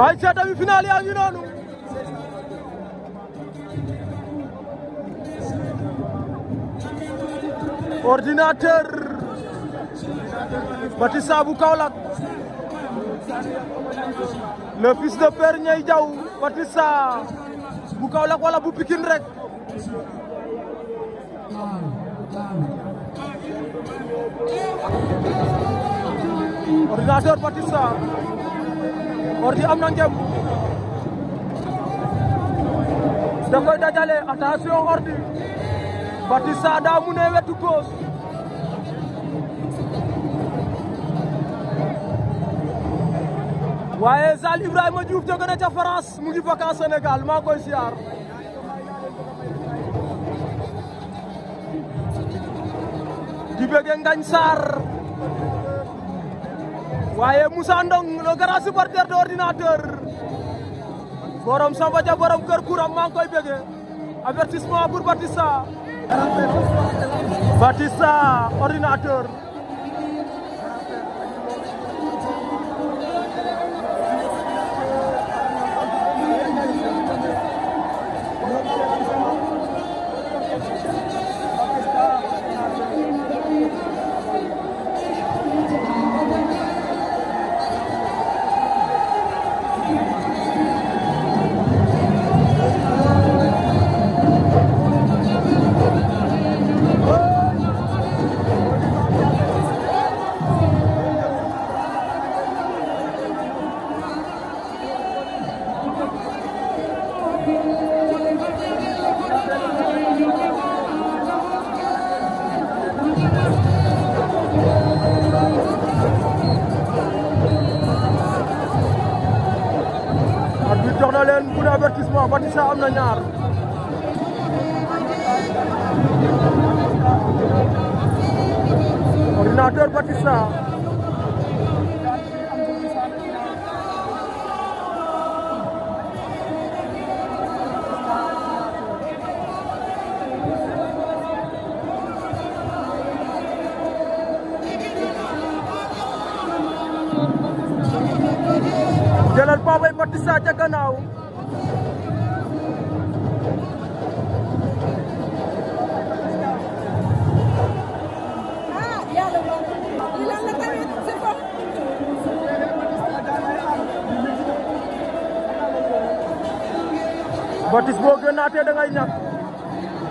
ay ca demi final yaa ngi noonu ordinateur Batista bu Kaolack le fils de Père Ndiaye Diaw wala bu Pikine rek Ordi am na ngem da koy dajale attention Ordi Batista daa ne wetu góos waaye Zal Ibrahima Diouf ca France mu ngi vacance Sénégal maa koy siyaar di bëgg Ngagne Sarr waaye Moussa Ndong le grand supporter de ordinateur borom Samba Dia borom kër kuram maa ngi koy bége avertissement pour Batista ordinateur ñu jox na leen coup d'avertissement Batista am na ñaar ordinateur Batista jëlal Pabay Matissa ca gannaaw Batista boo gënaatee da ngay ñàkk